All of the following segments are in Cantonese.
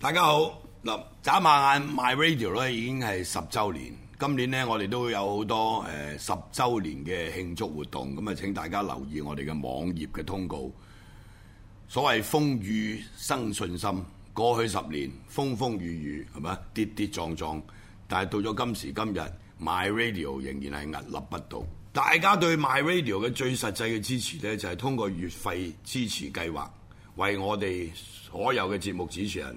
大家好嗱，眨下眼 My Radio 咧已經係十周年。今年咧，我哋都有好多誒、呃、十周年嘅慶祝活動，咁啊，請大家留意我哋嘅網頁嘅通告。所謂風雨生信心，過去十年風風雨雨係咪跌跌撞撞，但係到咗今時今日，My Radio 仍然係屹立不倒。大家對 My Radio 嘅最實際嘅支持咧，就係通過月費支持計劃，為我哋所有嘅節目主持人。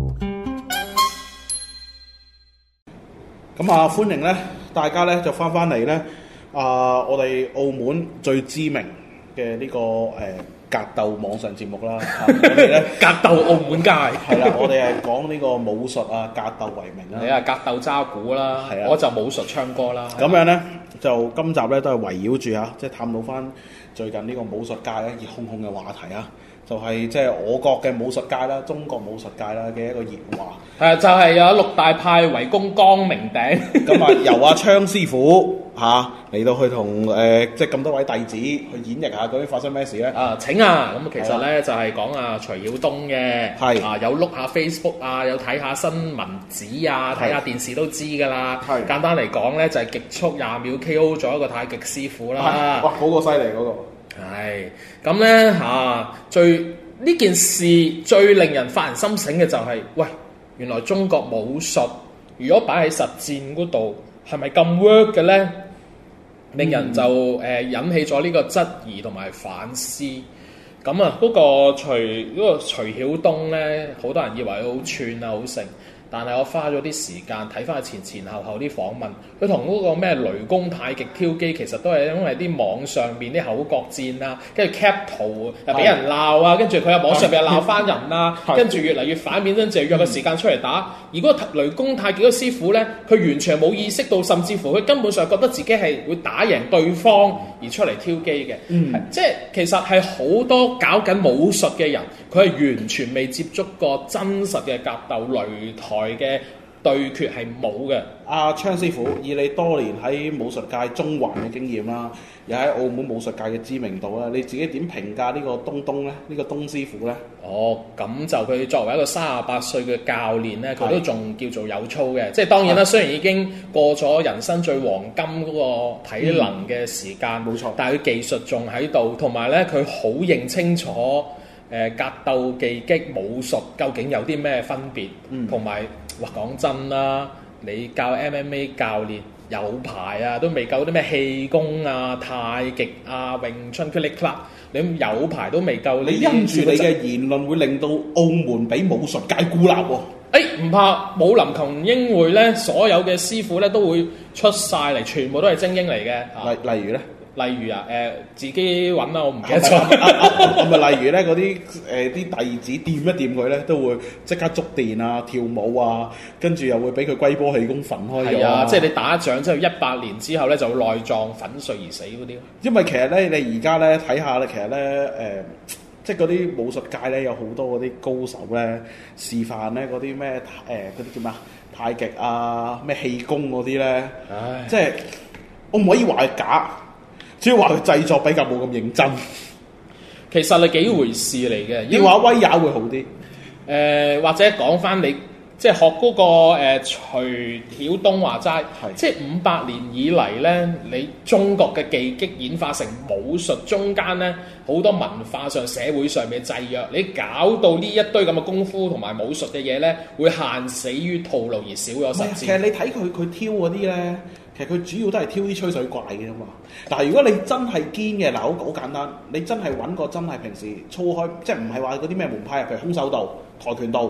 咁啊，歡迎咧，大家咧就翻翻嚟咧啊！我哋澳門最知名嘅呢、這個誒、呃、格鬥網上節目啦，格鬥澳門街。 係啦，我哋係講呢個武術啊，格鬥為名啦。你係格鬥渣古啦，我就武術鏘哥啦。咁樣咧，的就今集咧都係圍繞住啊，即係探討翻最近呢個武術界熱烘烘嘅話題啊！就係即係我國嘅武術界啦，中國武術界啦嘅一個熱話。係、 嗯、就係、是、有六大派圍攻光明頂。咁 啊、嗯，由阿、啊、昌師傅嚇嚟、啊、到去同誒、呃，即係咁多位弟子去演繹下嗰啲發生咩事咧？啊、呃，請啊！咁其實咧、哦、就係講阿徐曉冬嘅。係、嗯、啊，有碌下 Facebook 啊，有睇下新聞紙啊，睇下電視都知㗎啦。係是簡單嚟講咧，就係、是、極速廿秒 KO 咗一個太極師傅啦、啊 啊。哇，好過犀利嗰個！係咁咧嚇，最呢件事最令人發人心醒嘅就係、是，喂，原來中國武術如果擺喺實戰嗰度，係咪咁 work 嘅咧？令人就誒、呃、引起咗呢個質疑同埋反思。咁啊，不過徐嗰個徐曉東咧，好多人以為佢好串啊，好成。但係我花咗啲時間睇翻前前後後啲訪問，佢同嗰個咩雷公太極挑機，其實都係因為啲網上面啲口角戰啊，跟住 cap 圖又俾人鬧啊，跟住佢喺網上邊又鬧翻人啦，跟住 越嚟越反面，跟住約個時間出嚟打。的如果雷公太極個師傅呢，佢完全冇意識到，甚至乎佢根本上覺得自己係會打贏對方。而出嚟挑機嘅，嗯、即係其實係好多搞緊武術嘅人，佢係完全未接觸過真實嘅格鬥擂台嘅。對決係冇嘅。阿、啊、昌師傅，以你多年喺武術界中環嘅經驗啦，又喺澳門武術界嘅知名度啦，你自己點評價呢個東東呢？呢、呢個東師傅呢？哦，咁就佢作為一個三十八歲嘅教練呢，佢都仲叫做有操嘅。的即係當然啦，啊、雖然已經過咗人生最黃金嗰個體能嘅時間，冇、嗯、錯。但係佢技術仲喺度，同埋呢，佢好認清楚、呃、格鬥技擊武術究竟有啲咩分別，同埋、嗯。哇，講真啦，你教 MMA 教練有牌啊，都未夠啲咩氣功啊、太極啊、詠春佢哋啦，你有牌都未夠。你因住你嘅言論會令到澳門俾武術界孤立喎。哎，唔怕，武林群英會咧，所有嘅師傅咧都會出晒嚟，全部都係精英嚟嘅。例例如咧？例如啊，誒自己揾啦，我唔記得咗。唔係例如咧，嗰啲誒啲弟子掂一掂佢咧，都會即刻觸電啊，跳舞啊，跟住又會俾佢龜波氣功粉開咗。啊，即係你打仗之後，一百年之後咧，就會內臟粉碎而死嗰啲。因為其實咧，你而家咧睇下咧，其實咧誒、呃，即係嗰啲武術界咧有好多嗰啲高手咧示範咧嗰啲咩誒嗰啲叫咩太極啊，咩氣功嗰啲咧，唉即係我唔可以話係假。只要話佢製作比較冇咁認真，其實係幾回事嚟嘅。演話、嗯、為威也會好啲，誒、呃、或者講翻你即係、就是、學嗰、那個誒、呃、徐曉冬話齋，即係五百年以嚟咧，你中國嘅技擊演化成武術，中間咧好多文化上、社會上嘅制約，你搞到呢一堆咁嘅功夫同埋武術嘅嘢咧，會限死於套路而少咗實戰。其實你睇佢佢挑嗰啲咧。其實佢主要都係挑啲吹水怪嘅啫嘛。嗱，如果你真係堅嘅，嗱好好簡單，你真係揾個真係平時操開，即係唔係話嗰啲咩門派啊，譬如空手道、跆拳道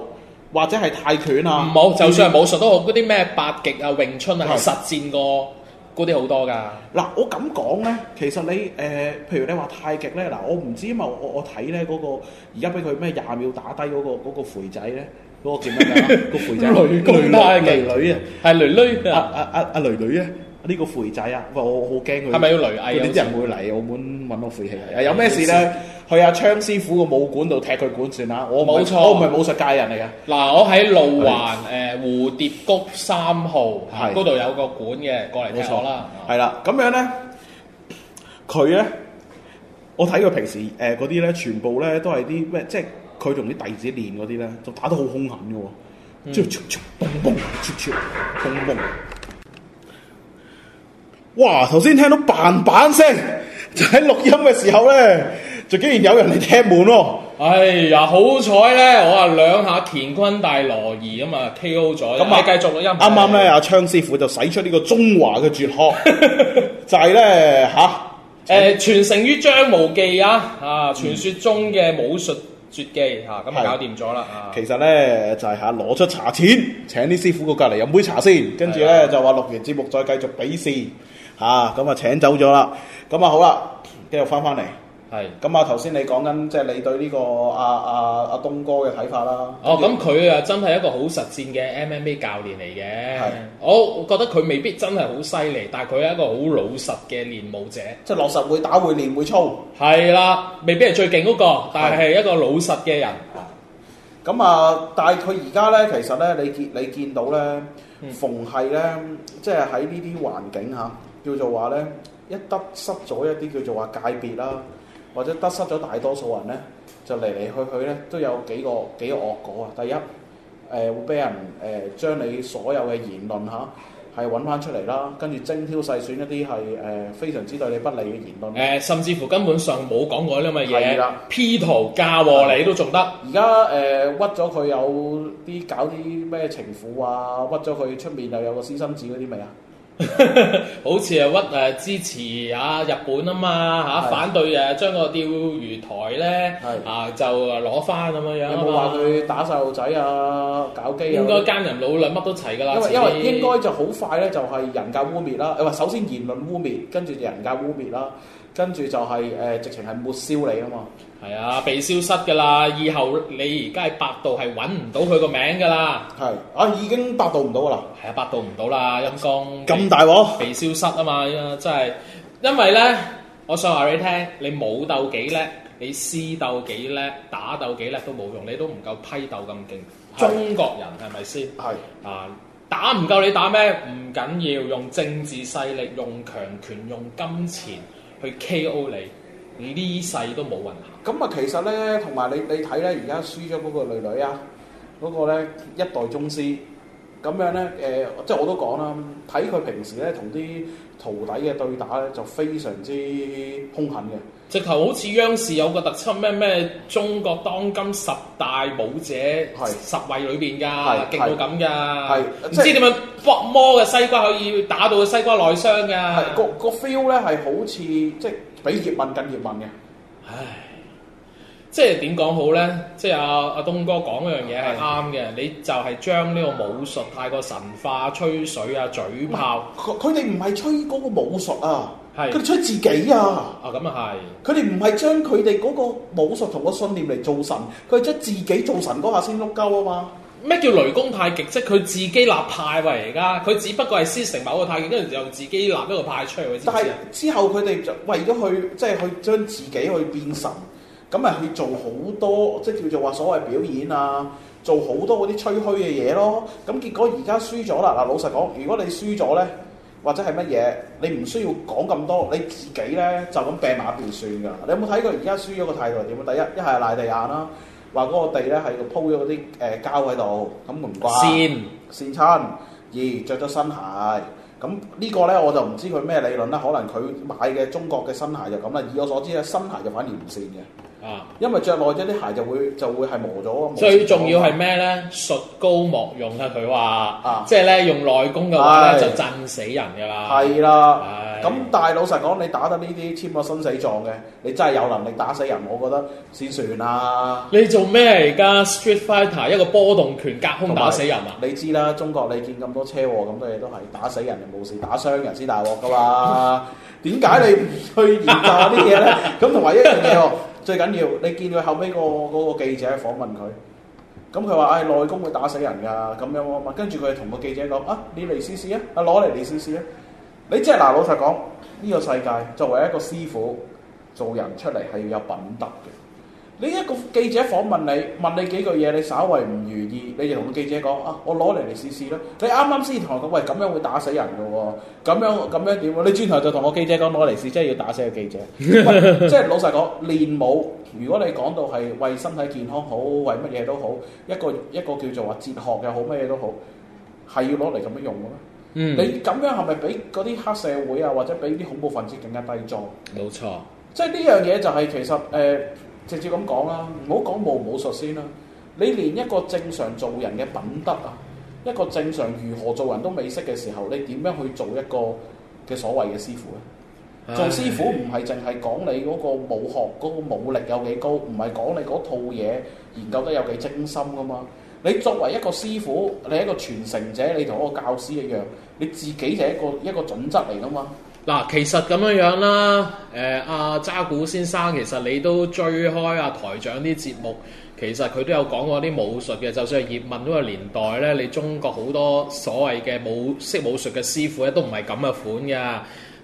或者係泰拳啊。唔好，子就算係武術都好，嗰啲咩八極啊、詠春啊，是實戰過嗰啲好多㗎。嗱，我咁講咧，其實你誒、呃，譬如你話太極咧，嗱，我唔知因為，我我睇咧嗰個而家俾佢咩廿秒打低嗰、嗰個肥、嗰個、仔咧。嗰個叫咩啊？個肥仔，巨胎嘅囡囡啊，係囡囡，啊，阿阿阿囡囡啊，呢個肥仔啊，餵我好驚佢。係咪要雷藝啊？佢啲人會嚟澳門揾我晦氣啊！有咩事咧？去阿鏘師傅個武館度踢佢館算啦。我冇錯，我唔係武術界人嚟嘅。嗱，我喺路環誒蝴蝶谷三號嗰度有個館嘅，過嚟踢我啦。係啦，咁樣咧，佢咧，我睇佢平時誒嗰啲咧，全部咧都係啲咩即？佢同啲弟子練嗰啲咧，就打得好兇狠嘅喎，即係轟轟轟轟，轟轟。哇！頭先聽到砰砰聲，就喺錄音嘅時候咧，就竟然有人嚟踢門喎。哎呀，好彩咧，我啊兩下乾坤大挪移啊嘛，KO 咗。咁啊，繼續錄音。啱啱咧，阿鏘師傅就使出呢個中華嘅絕學，就係咧吓，誒傳承於張無忌啊啊，傳説中嘅武術。絕技嚇，咁啊搞掂咗啦！啊，其實咧就係嚇攞出茶錢請啲師傅過隔籬飲杯茶先，跟住咧就話錄完節目再繼續比試嚇，咁啊就請走咗啦，咁啊好啦，繼續翻返嚟。係，咁啊頭先你講緊即係你對呢、這個阿阿阿東哥嘅睇法啦。哦，咁佢啊真係一個好實戰嘅 MMA 教練嚟嘅。係是，好，oh, 我覺得佢未必真係好犀利，但係佢係一個好老實嘅練武者，即係落實會打會練會操。係啦，未必係最勁嗰、那個，但係係是一個老實嘅人。咁啊、嗯，嗯、但係佢而家咧，其實咧，你見你見到咧，逢係咧，即係喺呢啲環境下，叫做話咧，一得濕咗一啲叫做話界別啦。或者得失咗大多數人咧，就嚟嚟去去咧，都有幾個幾個惡果啊！第一，誒、呃、會俾人誒將、呃、你所有嘅言論吓，係揾翻出嚟啦，跟住精挑細選一啲係誒非常之對你不利嘅言論。誒、呃、甚至乎根本上冇講過啲咁嘅嘢。啦的，P 圖嫁禍你都仲得。而家誒屈咗佢有啲搞啲咩情婦啊，屈咗佢出面又有個私生子嗰啲未啊！ 好似啊屈誒支持啊日本啊嘛嚇，的反對誒將個釣魚台咧啊就攞翻咁樣樣，有冇話佢打細路仔啊搞基啊？有有啊啊應該奸人老兩，乜都齊噶啦。因為因為應該就好快咧，就係人格污蔑啦，誒，首先言論污蔑，跟住人格污蔑啦，跟住就係、是、誒、呃，直情係抹消你啊嘛。係啊，被消失嘅啦，以後你而家喺百度係揾唔到佢個名嘅啦。係啊，已經百度唔到噶啦。係啊，百度唔到啦，陰公。咁大鑊？被消失啊嘛，真係。因為呢，我想話你聽，你武鬥幾叻，你私鬥幾叻，打鬥幾叻都冇用，你都唔夠批鬥咁勁。中國人係咪先？係是啊，打唔夠你打咩？唔緊要用政治勢力、用強權、用金錢去 K.O. 你。呢世都冇運行，咁啊，其實咧，同埋你你睇咧，而家輸咗嗰個女女啊，嗰個咧一代宗師，咁樣咧，誒、呃，即係我都講啦，睇佢平時咧同啲徒弟嘅對打咧，就非常之兇狠嘅。直頭好似央視有個特輯，咩咩中國當今十大武者，係是十位裏邊㗎，勁到咁㗎，唔知點樣搏魔嘅西瓜可以打到西瓜內傷㗎，個個 feel 咧係好似即係。俾葉問更葉問嘅，唉，即係點講好咧？即係阿阿東哥講嗰樣嘢係啱嘅，的你就係將呢個武術太過神化，吹水啊，嘴炮。佢哋唔係吹嗰個武術啊，係佢哋吹自己啊。啊，咁啊係。佢哋唔係將佢哋嗰個武術同個信念嚟做神，佢係將自己做神嗰下先碌鳩啊嘛。咩叫雷公太極？即佢自己立派喎，而家佢只不過係師承某個太極，跟住又自己立一個派出嚟。知唔知？但係之後佢哋就為咗去即係去將自己去變神，咁咪去做好多即係叫做話所謂表演啊，做好多嗰啲吹噓嘅嘢咯。咁結果而家輸咗啦。嗱，老實講，如果你輸咗咧，或者係乜嘢，你唔需要講咁多，你自己咧就咁掟埋一邊算㗎。你有冇睇過而家輸咗個態度係點？第一，一係賴地眼啦。話嗰個地咧係鋪咗啲誒膠喺度，咁唔關線線親，而着咗新鞋，咁呢個咧我就唔知佢咩理論啦，可能佢買嘅中國嘅新鞋就咁啦，以我所知啊，新鞋就反而唔線嘅，啊，因為着耐咗啲鞋就會就會係磨咗。磨最重要係咩咧？術高莫用啊！佢話，即係咧用內功嘅話咧就震死人噶啦，係啦。咁但係老實講，你打得呢啲簽咗生死狀嘅，你真係有能力打死人，我覺得先算啦。你做咩而家 Street Fighter 一個波動拳隔空打死人啊？你知啦，中國你見咁多車禍，咁多嘢都係打死人冇事，打傷人先大鑊噶嘛？點解你唔去研究啲嘢咧？咁同埋一樣嘢哦，最緊要你見佢後尾個嗰個記者訪問佢，咁佢話：唉，內功會打死人㗎，咁樣咁樣。跟住佢同個記者講：啊，你嚟試試啊，啊攞嚟嚟試試啊！你即係嗱，老實講，呢個世界作為一個師傅，做人出嚟係要有品德嘅。你一個記者訪問你，問你幾句嘢，你稍為唔如意，你就同個記者講：啊，我攞嚟嚟試試啦。你啱啱先同佢講喂，咁樣會打死人噶喎、哦，咁樣咁樣點啊？你轉頭就同個記者講攞嚟試，即係要打死個記者。 即係老實講，練武如果你講到係為身體健康好，為乜嘢都好，一個一個叫做話哲學嘅好，乜嘢都好，係要攞嚟咁樣用嘅咩？嗯，你咁樣係咪俾嗰啲黑社會啊，或者俾啲恐怖分子更加低作？冇錯，即係呢樣嘢就係其實誒、呃、直接咁講啦，唔好講武武術先啦。你連一個正常做人嘅品德啊，一個正常如何做人都未識嘅時候，你點樣去做一個嘅所謂嘅師傅咧？嗯、做師傅唔係淨係講你嗰個武學嗰、嗰個武力有幾高，唔係講你嗰套嘢研究得有幾精心噶嘛？你作為一個師傅，你係一個傳承者，你同嗰個教師一樣，你自己就係一個一個準則嚟啦嘛。嗱，其實咁樣樣啦，誒阿揸古先生，其實你都追開阿、啊、台長啲節目，其實佢都有講過啲武術嘅。就算係葉問嗰個年代咧，你中國好多所謂嘅武識武術嘅師傅咧，都唔係咁嘅款㗎，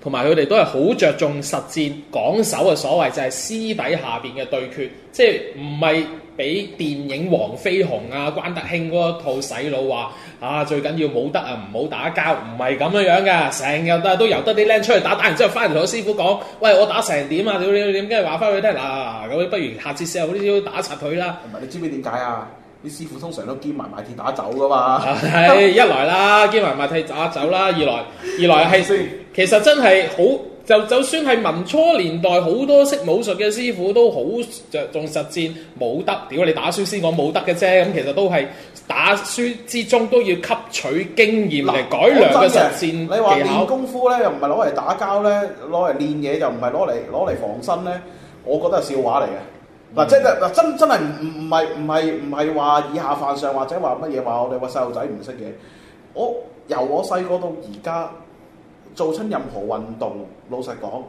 同埋佢哋都係好着重實戰，講手嘅所謂就係私底下邊嘅對決，即係唔係。俾電影《黃飛鴻》啊，《關德興》嗰套洗腦話啊，最緊要武德啊，唔好打交，唔係咁樣樣嘅，成日都都由得啲僆出去打，打完之後翻嚟同師傅講，喂，我打成點啊？點點點，跟住話翻佢聽，嗱，咁不如下次試下好啲，打柒佢啦。唔係你知唔知點解啊？啲師傅通常都兼埋賣跌打酒噶嘛。係 一來啦，兼埋賣跌打酒啦；二來二來係等其實真係好。就就算係民初年代，好多識武術嘅師傅都好着重實戰武德。屌你打輸先講武德嘅啫，咁其實都係打輸之中都要吸取經驗嚟改良嘅實戰技巧。你話練功夫咧，又唔係攞嚟打交咧，攞嚟練嘢又唔係攞嚟攞嚟防身咧，我覺得係笑話嚟嘅。嗱、嗯，即係嗱，真真係唔唔唔係唔係唔係話以下犯上，或者話乜嘢話我哋個細路仔唔識嘅。我由我細個到而家。做親任何運動，老實講，誒、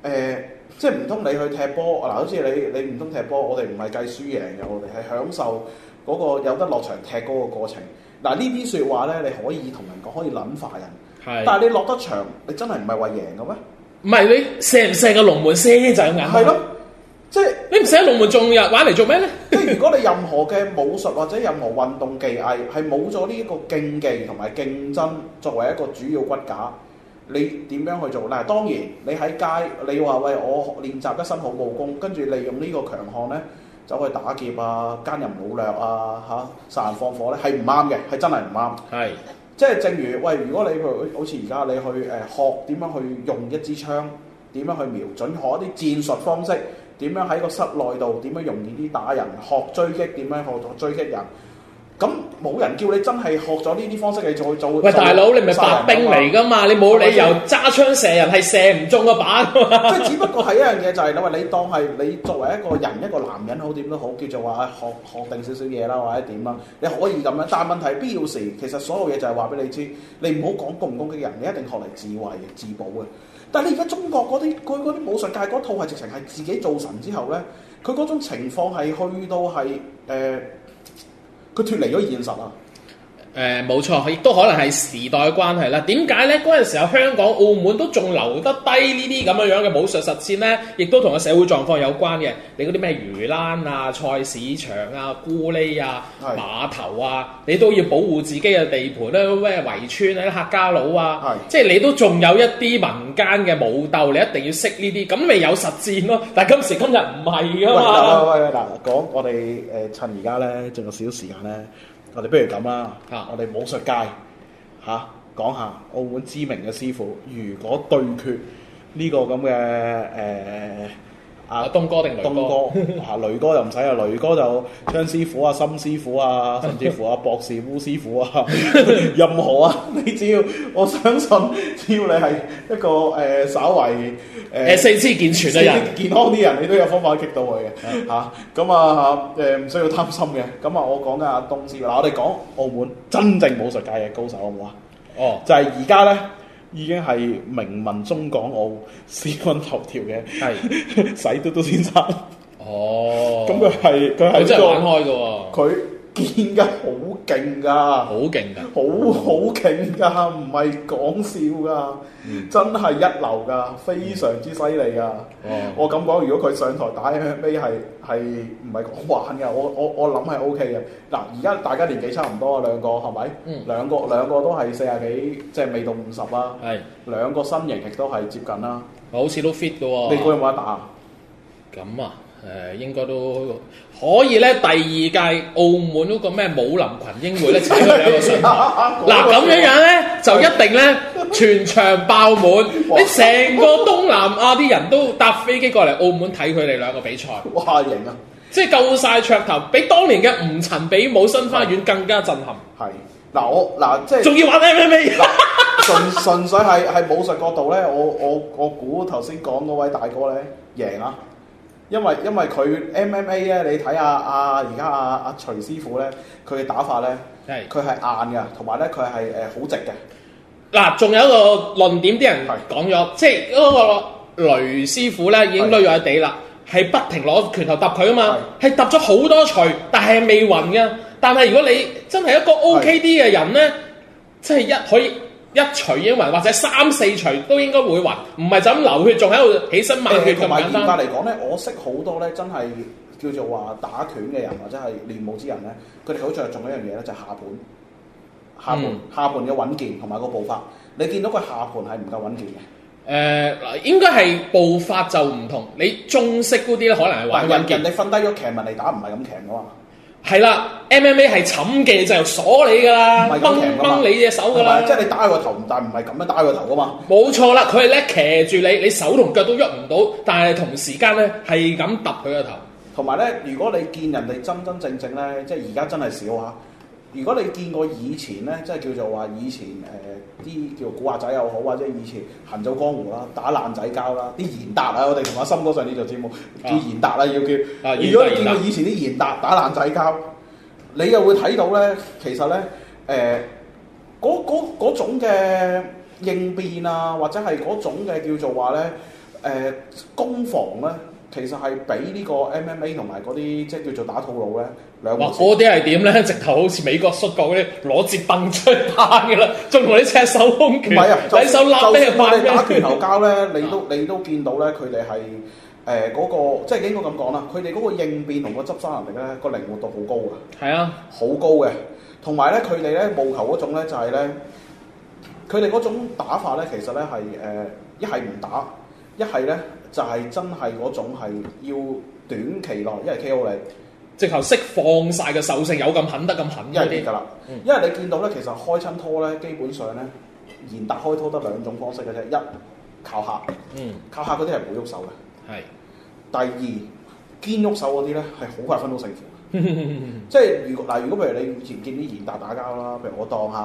呃，即係唔通你去踢波嗱？好、呃、似你你唔通踢波，我哋唔係計輸贏嘅，我哋係享受嗰個有得落場踢波嘅過程嗱。呃、呢啲説話咧，你可以同人講，可以諗化人，是但係你落得場，你真係唔係為贏嘅咩？唔係你射唔射個龍門，射就咁硬係咯。即係、就是、你唔射龍門，仲入玩嚟做咩咧？ 即係如果你任何嘅武術或者任何運動技藝係冇咗呢一個競技同埋競爭作為一個主要骨架，你點樣去做？嗱，當然你喺街，你話喂我練習一身好武功，跟住利用呢個強項呢，走去打劫啊、奸淫擄掠啊、嚇、啊、殺人放火呢，係唔啱嘅，係真係唔啱。係是，即係正如喂，如果你譬如好似而家你去誒、呃、學點樣去用一支槍，點樣去瞄準，學一啲戰術方式，點樣喺個室內度點樣容易啲打人，學追擊，點樣學追擊人。咁冇人叫你真係學咗呢啲方式嚟再做。做喂，大佬，你咪白兵嚟噶嘛？你冇理由揸以槍射人，係射唔中個靶，即係 只不過係一樣嘢、就係，就係你話你當係你作為一個人一個男人，好點都好，叫做話學學定少少嘢啦，或者點啊？你可以咁樣，但係問題必要時，其實所有嘢就係話俾你知，你唔好講攻唔攻擊人，你一定學嚟自衞自保嘅。但係你而家中國嗰啲佢嗰啲武術界嗰套係直情係自己做神之後咧，佢嗰種情況係去到係誒。呃佢脫離咗現實啊！誒冇、嗯、錯，亦都可能係時代嘅關係啦。點解呢？嗰陣時候香港、澳門都仲留得低呢啲咁樣樣嘅武術實戰呢，亦都同個社會狀況有關嘅。你嗰啲咩漁欄啊、菜市場啊、咕喱啊、是碼頭啊，你都要保護自己嘅地盤咧、啊。咩圍村啊、客家佬啊，是即係你都仲有一啲民間嘅武鬥，你一定要識呢啲，咁咪有實戰咯、啊。但係今時今日唔係噶嘛。喂喂，嗱，講我哋誒、呃、趁而家呢，仲有少少時間呢。我哋不如咁啦吓，啊、我哋武術界吓講、啊、下澳門知名嘅師傅，如果對決呢個咁嘅誒。呃啊，東哥定雷哥，啊，雷哥就唔使啊，雷哥就張師傅啊、森師傅啊，甚至乎阿、啊、博士烏師傅啊，任何啊，你只要我相信，只要你係一個誒、呃、稍為誒、呃、四肢健全嘅人、健康啲人，你都有方法 keep 到佢嘅嚇。咁 啊誒，唔、啊啊、需要擔心嘅。咁 啊，我講緊阿東師傅。嗱，我哋講澳門真正武術界嘅高手好唔好啊？哦就，就係而家咧。已經係名聞中港澳、時聞頭條嘅，係是 洗嘟嘟先生。哦，咁佢係佢係一個佢。 堅得好勁噶，好勁噶，好好勁噶，唔係講笑噶，笑嗯、真係一流噶，非常之犀利啊！嗯、我咁講，如果佢上台打 MMA 係係唔係講玩噶？我我我諗係 OK 嘅。嗱，而家大家年紀差唔多啊，兩個係咪、嗯？兩個、啊、是兩個都係四廿幾，即係未到五十啊，係兩個身型亦都係接近啦。好似都 fit 嘅喎、哦，你估有冇得打？咁啊？誒，應該都可以咧。第二屆澳門嗰個咩武林群英會咧，請佢兩個賽。嗱咁樣樣咧，就一定咧，全場爆滿，哇你成個東南亞啲人都搭飛機過嚟澳門睇佢哋兩個比賽。哇！贏啊！即係夠晒噱頭，比當年嘅吳陳比武新花園更加震撼。係嗱、啊，我嗱，即係仲要玩 MMA？純純粹係係武術角度咧，我我我估頭先講嗰位大哥咧贏啊！因為因為佢 MMA 咧，你睇下啊，而家阿啊徐師傅咧，佢嘅打法咧，佢係是硬嘅，同埋咧佢係誒好直嘅。嗱，仲有一個論點，啲人講咗，是即係嗰個雷師傅咧是已經攞咗喺地啦，係不停攞拳頭揼佢啊嘛，係揼咗好多錘，但係未暈嘅。但係如果你真係一個 OK 啲嘅人咧，是即係一可以。一錘已經暈或者三四錘，都應該會暈。唔係就咁流血，仲喺度起身抹血，同埋嚴格嚟講咧，我識好多咧，真係叫做話打拳嘅人或者係練武之人咧，佢哋好著重一樣嘢咧，就下盤、嗯、下盤下盤嘅穩健同埋個步法。你見到佢下盤係唔夠穩健嘅。誒、呃，應該係步法就唔同。你中式嗰啲咧，可能係穩健。你瞓低咗騎文嚟打，唔係咁騎嘅嘛。係啦，MMA 係沉嘅，就鎖你噶啦，掹掹你隻手噶啦。即係你打佢個頭，但唔係咁樣打佢個頭噶嘛。冇錯啦，佢係咧騎住你，你手同腳都喐唔到，但係同時間咧係咁揼佢個頭。同埋咧，如果你見人哋真真正正咧，即係而家真係少吓。如果你見過以前咧，即係叫做話以前誒啲、呃、叫古惑仔又好，或者以前行走江湖啦、打爛仔交啦，啲言達啊，我哋同阿心哥上呢度節目叫言達啦，要叫。啊、如果你言達見過以前啲言達打爛仔交，你又會睇到咧，其實咧誒，嗰、呃、種嘅應變啊，或者係嗰種嘅叫做話咧誒攻防咧。呃其實係比呢個 MMA 同埋嗰啲即係叫做打套路咧，兩回事。哇！嗰啲係點咧？直頭好似美國摔角嗰啲攞折凳出嚟打噶啦，仲同你赤手空拳。唔係啊，睇手攬咧，係打拳頭交咧，你都你都見到咧，佢哋係誒嗰個，即係應該咁講啦。佢哋嗰個應變同個執生能力咧，個靈活度好高噶。係啊，好高嘅。同埋咧，佢哋咧務求嗰種咧，就係、是、咧，佢哋嗰種打法咧，其實咧係誒一係唔打。一係咧就係、是、真係嗰種係要短期內，一係 KO 你，直頭釋放晒嘅獸，性，有咁狠得咁狠，一係點噶啦？一係、嗯、你見到咧，其實開親拖咧，基本上咧，延達開拖得兩種方式嘅啫，一靠客，嗯、靠客嗰啲係冇喐手嘅，係是 第二堅喐手嗰啲咧係好快分到勝負， 即係如嗱，如果譬如，如你以前見啲延達打交啦，譬如我當下誒、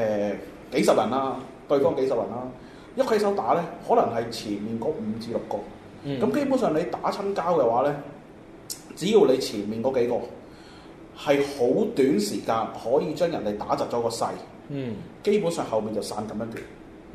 呃、幾十人啦，對方幾十人啦。一起手打呢，可能係前面嗰五至六個，咁、嗯、基本上你打親交嘅話呢，只要你前面嗰幾個係好短時間可以將人哋打窒咗個勢，嗯、基本上後面就散咁一團，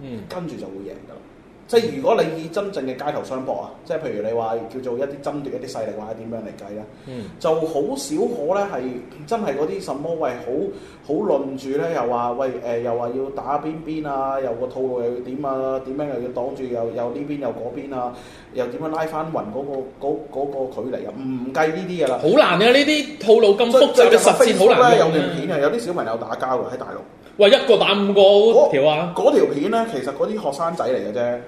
嗯、跟住就會贏㗎啦。即係如果你以真正嘅街頭相搏啊，即係譬如你話叫做一啲爭奪一啲勢力或者點樣嚟計咧，嗯、就好少可咧係真係嗰啲什麼喂好好論住咧，又話喂誒、呃，又話要打邊邊啊，又個套路又要點啊，點樣又要擋住，又又呢邊又嗰邊啊，又點樣拉翻勻嗰個距離啊，唔計呢啲嘢啦。好難㗎，呢啲套路咁複雜嘅實戰好難、啊、有段片啊，有啲小朋友打交喺大陸。喂，一個打五個嗰條啊？嗰條片咧，其實嗰啲學生仔嚟嘅啫。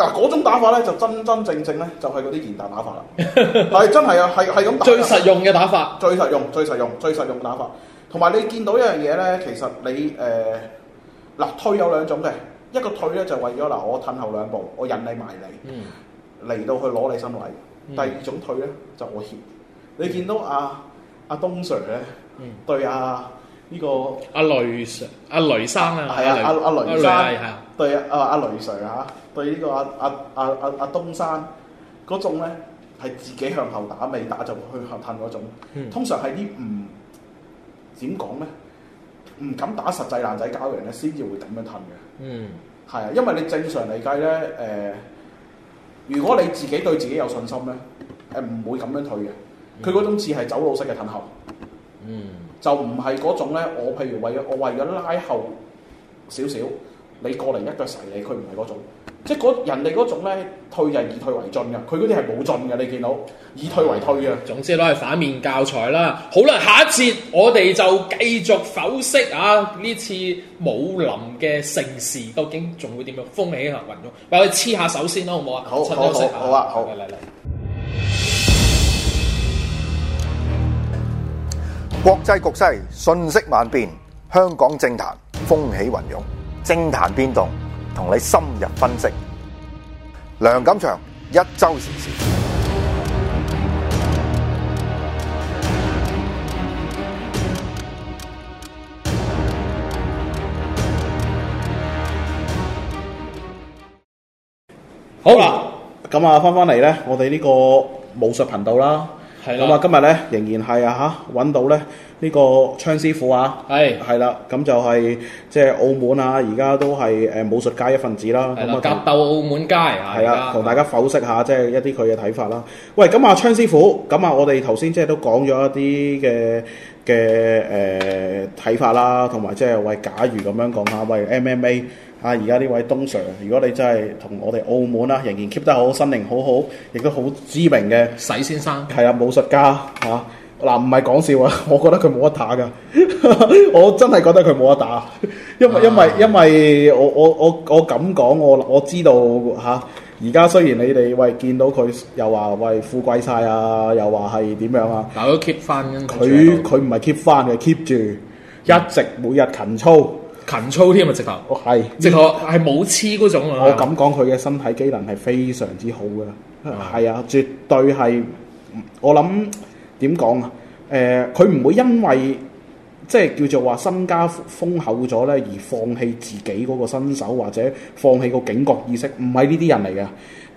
嗱，嗰、啊、種打法咧就真真正正咧就係嗰啲現代打法啦，係 真係啊，係係咁打最實用嘅打法，最實用、最實用、最實用嘅打法。同埋你見到一樣嘢咧，其實你誒嗱退有兩種嘅，一個退咧就為咗嗱我退後兩步，我引你埋嚟嚟到去攞你心禮。第二種退咧就我卸。嗯、你見到阿、啊、阿、啊、東 Sir 咧、嗯、對啊，呢、呢個阿、啊、雷阿、啊、雷生啊，係啊阿阿雷生。對啊，阿阿雷 Sir 吓、啊，對呢個阿阿阿阿阿東山嗰種咧，係自己向後打，未打就去向後褪嗰種。嗯、通常係啲唔點講咧，唔敢打實際爛仔搞嘅人咧，先至會咁樣褪嘅。嗯，係啊，因為你正常嚟計咧，誒、呃，如果你自己對自己有信心咧，誒唔會咁樣退嘅。佢嗰、嗯、種似係走路式嘅褪後，嗯，就唔係嗰種咧。我譬如為咗我為咗拉後少少。你過嚟一個勢你佢唔係嗰種，即係人哋嗰種咧，退就以退為進嘅，佢嗰啲係冇進嘅，你見到以退為退嘅。總之都係反面教材啦。好啦，下一節我哋就繼續剖析啊，呢次武林嘅盛事，究竟仲會點樣風起雲湧啊？我哋黐下手先啦，好唔好啊？好，好，好，好啊！嚟嚟嚟！國際局勢瞬息萬變，香港政壇風起雲湧。政壇變動，同你深入分析。梁錦祥，一周時事。好啦，咁啊，翻翻嚟咧，我哋呢個武術頻道啦。咁啊，今日咧仍然係啊嚇，揾到咧呢個鏘師傅啊，係係啦，咁的就係即係澳門啊，而家都係誒武術界一份子啦。咁啊的，就格鬥澳門街係、啊、啦，同的的大家剖析下即係的一啲佢嘅睇法啦。喂，咁啊，鏘師傅，咁啊，我哋頭先即係都講咗一啲嘅嘅誒睇法啦，同埋即係喂，假如咁樣講下，喂 MMA。啊！而家呢位東 Sir，如果你真係同我哋澳門啦，仍然 keep 得好，身型好好，亦都好知名嘅，冼先生，係啊，武術家嚇嗱，唔係講笑啊！我覺得佢冇得打㗎， 我真係覺得佢冇得打，因為、啊、因為因為我我我我咁講，我我，我，我，我知道嚇。而、啊、家雖然你哋喂見到佢又話喂富貴晒啊，又話係點樣啊？嗯、但都 keep 翻，佢佢唔係 keep 翻嘅，keep 住一直每日勤操。嗯勤操添啊！直頭，係直頭，係冇黐嗰種啊！我咁講佢嘅身體機能係非常之好㗎，係啊，絕對係。我諗點講啊？誒，佢、呃、唔會因為即係叫做話身家豐厚咗咧，而放棄自己嗰個身手或者放棄個警覺意識，唔係呢啲人嚟嘅。誒、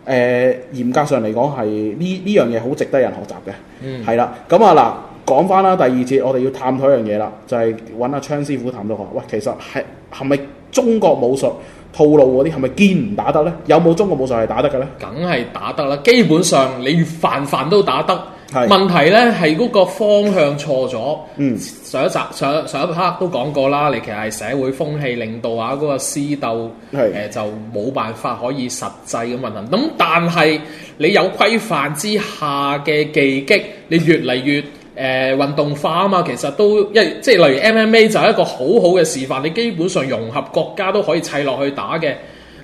呃，嚴格上嚟講係呢呢樣嘢好值得人學習嘅。嗯，係啦。咁啊嗱。講翻啦，第二節我哋要探討一樣嘢啦，就係、是、揾阿槍師傅探討下喂，其實係係咪中國武術套路嗰啲係咪堅唔打得呢？有冇中國武術係打得嘅呢？梗係打得啦，基本上你凡凡都打得。係是問題呢係嗰個方向錯咗。嗯，上一集上上一刻都講過啦，你其實係社會風氣令到啊嗰、那個私鬥係是、呃、就冇辦法可以實際咁運行。咁但係你有規範之下嘅技擊，你越嚟越。誒、呃、運動化啊嘛，其實都一即係例如 MMA 就係一個好好嘅示範，你基本上融合國家都可以砌落去打嘅。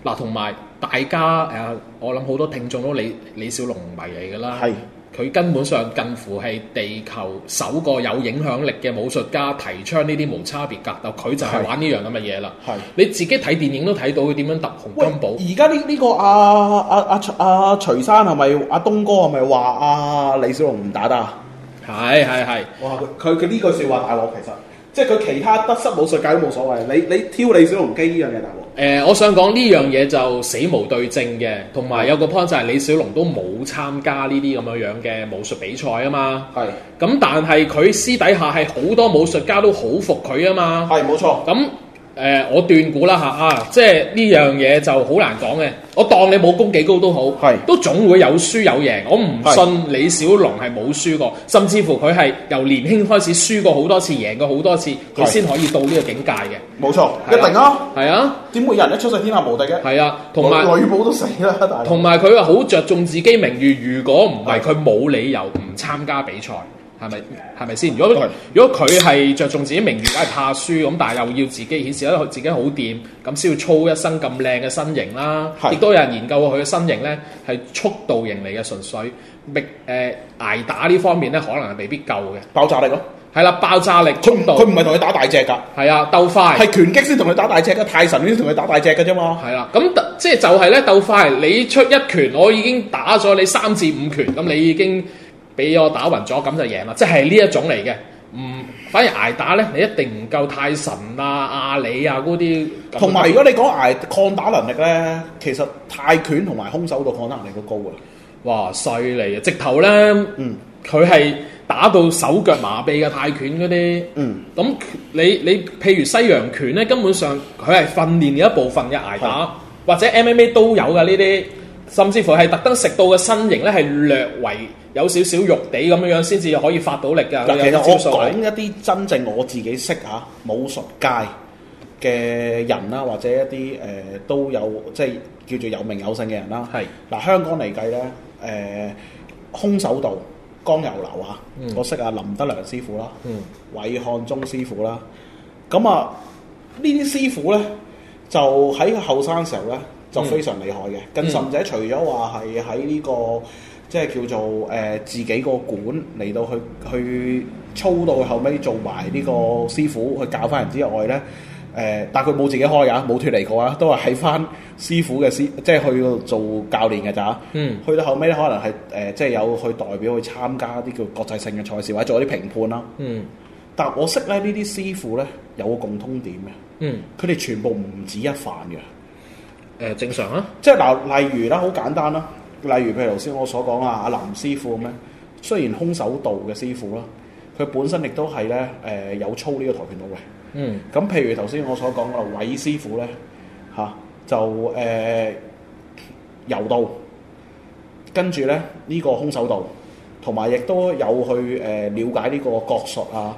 嗱、啊，同埋大家誒、呃，我諗好多聽眾都李李小龍迷嚟㗎啦。係是，佢根本上近乎係地球首個有影響力嘅武術家，提倡呢啲無差別格鬥，就佢就係玩呢樣咁嘅嘢啦。係，你自己睇電影都睇到佢點樣揼洪金寶。而家呢呢個阿阿阿阿徐、啊、徐生係咪阿東哥係咪話阿李小龍唔打得？係係係，哇！佢佢呢句説話，大鑊其實，即係佢其他得失武術界都冇所謂。你你挑李小龍機呢樣嘢，大鑊。誒，我想講呢樣嘢就死無對證嘅，同埋有，有個 point 就係李小龍都冇參加呢啲咁樣樣嘅武術比賽啊嘛。係是，咁但係佢私底下係好多武術家都好服佢啊嘛。係，冇錯。咁。誒、呃，我斷估啦嚇，啊，即係呢樣嘢就好難講嘅。我當你武功幾高都好，係是都總會有輸有贏。我唔信李小龍係冇輸過，甚至乎佢係由年輕開始輸過好多次，贏過好多次，佢先是可以到呢個境界嘅。冇錯錯，啊、一定啊。係啊，點會有人一出世天下無敵嘅？係啊，同埋呂布都死啦，同埋佢係好着重自己名譽。如果唔係，佢冇是理由唔參加比賽。係咪？係咪先？如果佢如果佢係着重自己名譽，梗係怕輸咁，但係又要自己顯示得佢自己好掂，咁先要操一身咁靚嘅身形啦。亦都是有人研究過佢嘅身形咧，係速度型嚟嘅，純粹，誒、呃、捱打呢方面咧，可能係未必夠嘅、啊。爆炸力咯，係啦，爆炸力，佢唔，佢唔係同佢打大隻㗎。係啊，鬥快，係拳擊先同佢打大隻㗎，泰拳先同佢打大隻㗎啫嘛。係啦，咁即係就係咧，鬥快，你出一拳，我已經打咗你三至五拳，咁你已經。 俾我打暈咗，咁就贏啦！即係呢一種嚟嘅，唔、嗯、反而捱打咧，你一定唔夠泰臣啊、阿里啊嗰啲。同埋、啊、如果你講捱抗打能力咧，其實泰拳同埋空手道抗打能力都高啊！哇，犀利啊！直頭咧，嗯，佢係打到手腳麻痹嘅泰拳嗰啲，嗯，咁你你譬如西洋拳咧，根本上佢係訓練嘅一部分嘅捱打，的或者 MMA 都有嘅呢啲，甚至乎係特登食到嘅身形咧，係略為。有少少肉地咁樣樣，先至可以發到力嘅。嗱，其實我講一啲真正我自己識吓武術界嘅人啦，或者一啲誒都有，即係叫做有名有姓嘅人啦。係嗱是，香港嚟計咧，誒、呃、空手道剛柔流啊，嗯、我識阿林德良師傅啦，嗯、韋漢忠師傅啦。咁啊，呢啲師傅咧，就喺後生時候咧，就非常厲害嘅。嗯嗯、更甚者除咗話係喺呢個。即係叫做誒、呃、自己個館嚟到去去操到後尾做埋呢個師傅去搞翻人之外咧誒、呃，但佢冇自己開啊，冇脱離過啊，都係喺翻師傅嘅師，即係去做教練嘅咋。嗯，去到後尾咧，可能係誒、呃，即係有去代表去參加啲叫國際性嘅賽事或者做一啲評判啦。嗯，但我識咧呢啲師傅咧有個共通點嘅。嗯，佢哋全部唔止一範嘅。誒、呃、正常啦、啊。即係嗱，例如啦，好簡單啦。例如，譬如頭先我所講啊，阿林師傅咁咧，雖然空手道嘅師傅啦，佢本身亦都係咧誒有操呢個跆拳道嘅。嗯。咁譬如頭先我所講嘅韋師傅咧，嚇、啊、就誒柔、呃、道，跟住咧呢、這個空手道，同埋亦都有去誒了解呢個國術啊，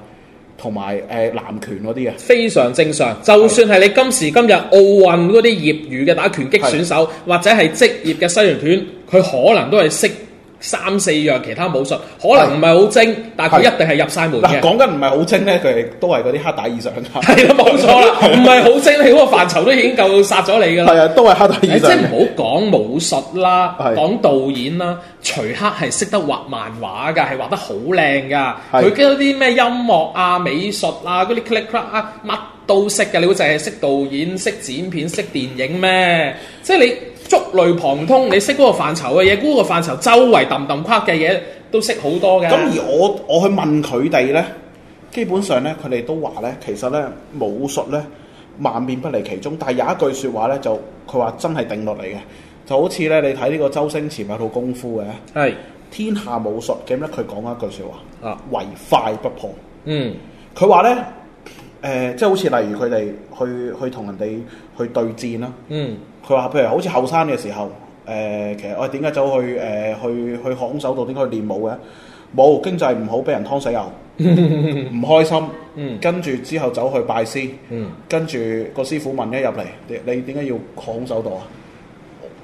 同埋誒南拳嗰啲啊，非常正常，就算係你今時今日奧運嗰啲業餘嘅打拳擊選手，是或者係職業嘅西洋拳。佢可能都係識三四樣其他武術，可能唔係好精，但係佢一定係入晒門嘅。講緊唔係好精咧，佢係都係嗰啲黑帶以上。係 咯，冇錯啦，唔係好精， 你嗰個範疇都已經夠殺咗你噶啦。係啊，都係黑帶以上。即係唔好講武術啦，講的導演啦，徐克係識得畫漫畫㗎，係畫得好靚㗎。佢嗰啲咩音樂啊、美術啊、嗰啲 click click 啊、乜都識嘅。你估淨係識導演、識剪片、識電影咩？即係你。觸類旁通，你識嗰個範疇嘅嘢，估、嗰個範疇周圍揼揼框嘅嘢都識好多嘅。咁、嗯、而我我去問佢哋咧，基本上咧，佢哋都話咧，其實咧武術咧萬變不離其宗，但係有一句說話咧，就佢話真係定落嚟嘅，就好似咧你睇呢個周星馳有套功夫嘅，係是天下武術記得佢講一句說話啊，唯快不破。嗯，佢話咧，誒、呃，即係好似例如佢哋去去同人哋去對戰啦，嗯。嗯佢話譬如好似後生嘅時候，誒、呃，其實我點解走去誒、呃、去去空手道？點解去練武嘅？冇經濟唔好，俾人劏死牛，唔 開心。嗯，跟住之後走去拜師。嗯，跟住個師傅問一入嚟，你你點解要空手道啊？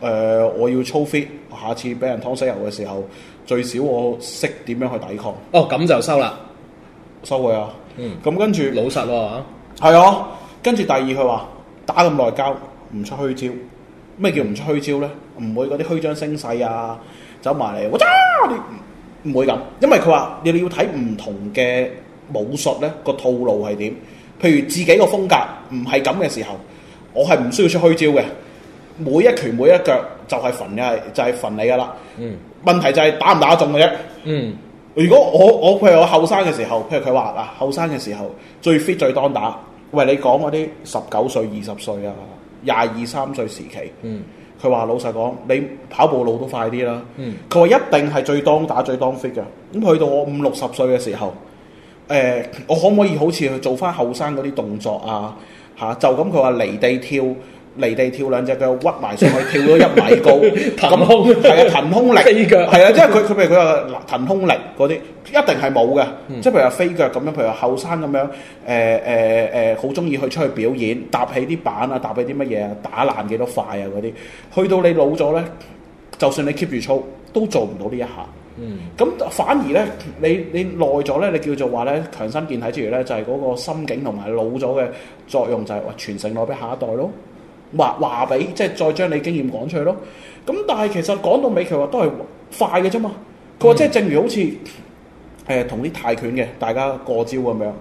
誒、呃，我要操 fit，下次俾人劏死牛嘅時候，最少我識點樣去抵抗。 哦，咁就收啦，收佢啊。嗯，咁跟住著老實喎，係啊。跟住第二佢話打咁耐交。唔出虛招，咩叫唔出虛招咧？唔會嗰啲虛張聲勢啊，走埋嚟，我揸你唔會咁，因為佢話你你要睇唔同嘅武術咧個套路係點。譬如自己個風格唔係咁嘅時候，我係唔需要出虛招嘅。每一拳每一腳就係焚嘅，係就係焚你噶啦。嗯，問題就係打唔打中嘅啫。嗯，如果我我譬如我後生嘅時候，譬如佢話啊，後生嘅時候最 fit 最當打。喂，你講嗰啲十九歲二十歲啊？廿二三歲時期，佢話、嗯、老實講，你跑步路都快啲啦。佢話、嗯、一定係最當打、最當 fit 嘅。咁去到我五六十歲嘅時候，誒、呃，我可唔可以好似去做翻後生嗰啲動作啊？嚇、啊，就咁佢話離地跳。離地跳兩隻腳屈埋上去跳咗一米高， 騰空係啊， 騰空力飛腳係啊，即係佢佢譬如佢話騰空力嗰啲一定係冇嘅，嗯、即係譬如話飛腳咁樣，譬如話後生咁樣誒誒誒，好中意去出去表演，搭起啲板啊，搭起啲乜嘢啊，打爛幾多塊啊嗰啲，去到你老咗咧，就算你 keep 住操都做唔到呢一下。嗯，咁反而咧，你你，你耐咗咧，你叫做話咧強身健體之餘咧，就係、是、嗰個心境同埋老咗嘅作用、就是，就係話傳承落俾下一代咯。話話俾，即係再將你經驗講出去咯。咁但係其實講到尾，佢話都係快嘅啫嘛。佢話即係正如好似，誒、呃、同啲泰拳嘅大家過招咁樣。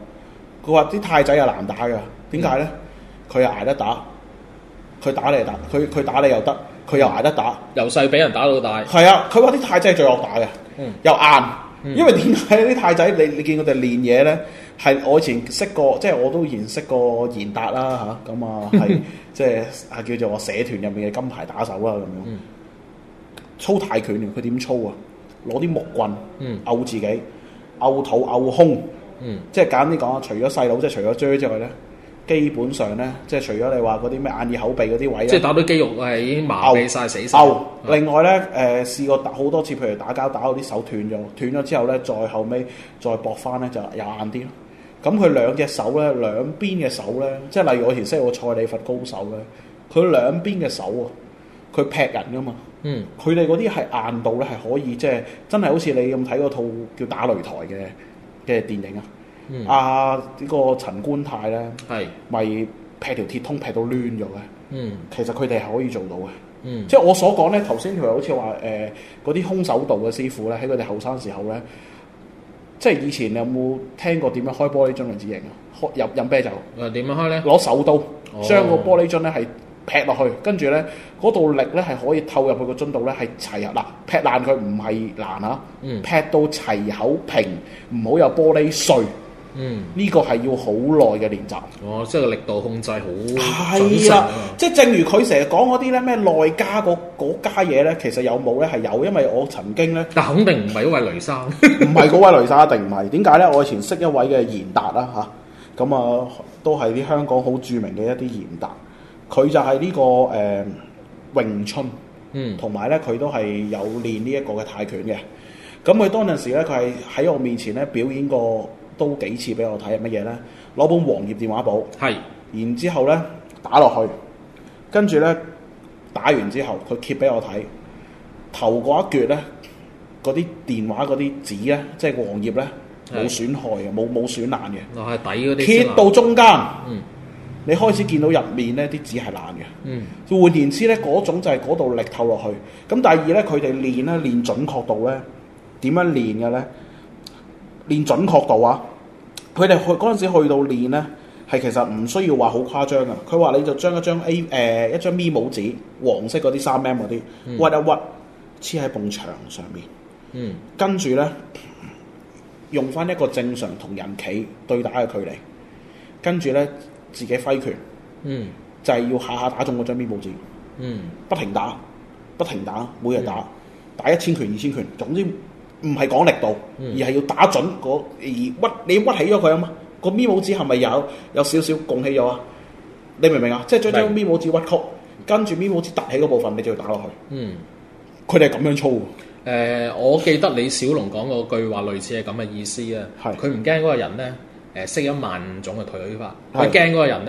佢話啲泰仔又難打㗎，點解咧？佢又捱得打，佢打你打，佢佢打你又得，佢又捱得打。由細俾人打到大。係啊，佢話啲泰仔係最惡打嘅，嗯、又硬。因為點解啲太仔，你你見我哋練嘢咧，係我以前識過，即係我都認識過言達啦嚇，咁啊係 即係係叫做我社團入面嘅金牌打手啦咁樣。嗯、操泰拳練，佢點操啊？攞啲木棍，毆、嗯、自己，毆肚，毆胸，嗯，即係簡單啲講啊！除咗細佬，即係除咗追之外咧。基本上咧，即係除咗你話嗰啲咩眼耳口鼻嗰啲位，即係打到肌肉係已經麻晒死曬。另外咧，誒、呃、試過打好多次，譬如打交打到啲手斷咗，斷咗之後咧，再後尾再搏翻咧就硬啲咯。咁佢兩隻手咧，兩邊嘅手咧，即係例如我以前識個蔡李佛高手咧，佢兩邊嘅手啊，佢劈人噶嘛。嗯。佢哋嗰啲係硬度咧，係可以，即係真係好似你咁睇嗰套叫打擂台嘅嘅電影啊！阿呢、嗯啊呢個陳觀泰咧，係咪是劈條鐵通劈到攣咗嘅？嗯，其實佢哋係可以做到嘅。嗯，即係我所講咧，頭先佢好似話誒嗰啲空手道嘅師傅咧，喺佢哋後生時候咧，即係以前你有冇聽過點樣開玻璃樽嘅字形？開飲飲啤酒。誒點樣開咧？攞手刀，將個玻璃樽咧係劈落去，跟住咧嗰度力咧係可以透入去個樽度咧係齊入嗱，劈爛佢唔係難啊，劈到齊口平，唔好有玻璃碎。嗯嗯，呢個係要好耐嘅練習。哦，即係個力度控制好準確。的即係正如佢成日講嗰啲咧，咩內家嗰家嘢咧，其實有冇咧係有，因為我曾經咧。但肯定唔係嗰位雷生，唔係嗰位雷生，一定唔係？點解咧？我以前識一位嘅賢達啦嚇，咁啊、嗯、都係啲香港好著名嘅一啲賢達，佢就係呢、這個誒、呃、詠春，嗯，同埋咧佢都係有練呢一個嘅泰拳嘅。咁佢當陣時咧，佢係喺我面前咧表演過。都幾次俾我睇乜嘢咧？攞本黃頁電話簿，係是，然之後咧打落去，跟住咧打完之後，佢揭俾我睇，頭嗰一橛咧，嗰啲電話嗰啲紙咧，即係黃頁咧，冇損是害嘅，冇冇損爛嘅。底啲揭到中間，嗯、你開始見到入面咧啲紙係爛嘅。嗯、換言之咧，嗰種就係嗰度力透落去。咁第二咧，佢哋練咧練準確度咧，點樣練嘅咧？練準確度啊！佢哋去嗰陣時去到練咧，係其實唔需要話好誇張啊。佢話你就將一張 A 誒、呃、一張咪帽紙黃色嗰啲三 M 嗰啲屈一屈，黐喺埲牆上面。嗯，跟住咧，用翻一個正常同人企對打嘅距離，跟住咧自己揮拳。嗯，就係要下下打中嗰張咪帽紙。嗯，不停打，不停打，每日打，嗯、打一千拳、二千拳，總之。唔係講力度，而係要打準、嗰個、而屈，你屈起咗佢啊嘛。個咪姆指係咪有有少少拱起咗啊？你明唔明啊？即係將張咪姆指屈曲，跟住咪姆指凸起嗰部分，你就要打落去。嗯，佢哋係咁樣操嘅、誒。我記得李小龍講嗰句話，類似係咁嘅意思啊。係是。佢唔驚嗰個人咧，誒識一萬種嘅腿法。係。佢驚嗰個人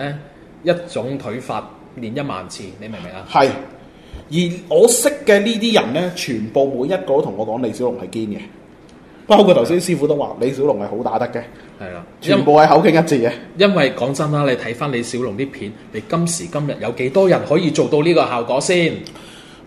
咧，一種腿法練一萬次。你明唔明啊？係。而我識嘅呢啲人呢，全部每一個都同我講李小龍係堅嘅，包括頭先師傅都話李小龍係好打得嘅。係啊的，全部係口徑一致嘅。因為講真啦，你睇翻李小龍啲片，你今時今日有幾多人可以做到呢個效果先？誒、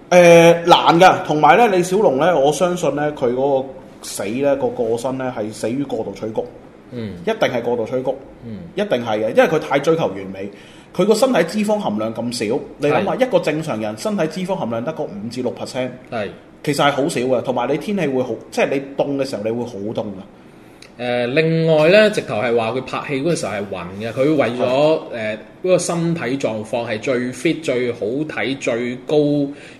呃、難噶，同埋呢，李小龍呢，我相信呢，佢嗰個死呢個過身呢，係死於過度吹谷。嗯，一定係過度吹谷。嗯，一定係嘅，因為佢太追求完美。佢個身體脂肪含量咁少，你諗下是一個正常人身體脂肪含量得個五至六 percent，係其實係好少嘅。同埋你天氣會好，即係你凍嘅時候，你會好凍嘅。誒、呃，另外咧，直頭係話佢拍戲嗰陣時候係暈嘅。佢為咗誒嗰個身體狀況係最 fit、最好睇、最高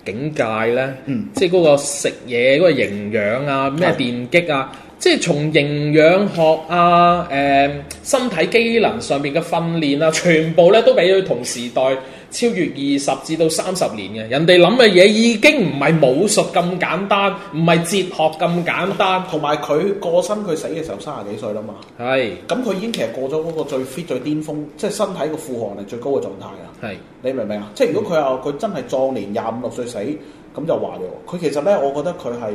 境界咧，嗯，即係嗰個食嘢嗰、嗰個營養啊，咩電擊啊。即係從營養學啊，誒、呃、身體機能上面嘅訓練啊，全部咧都畀佢同時代超越二十至到三十年嘅人哋諗嘅嘢，已經唔係武術咁簡單，唔係哲學咁簡單，同埋佢過身佢死嘅時候三十幾歲啦嘛，係咁佢已經其實過咗嗰個最 fit 最巔峰，即、就、係、是、身體嘅負荷量最高嘅狀態啊，係是你明唔明啊？即係如果佢話佢真係壯年廿五、嗯、六歲死，咁就話咗佢其實咧，我覺得佢係。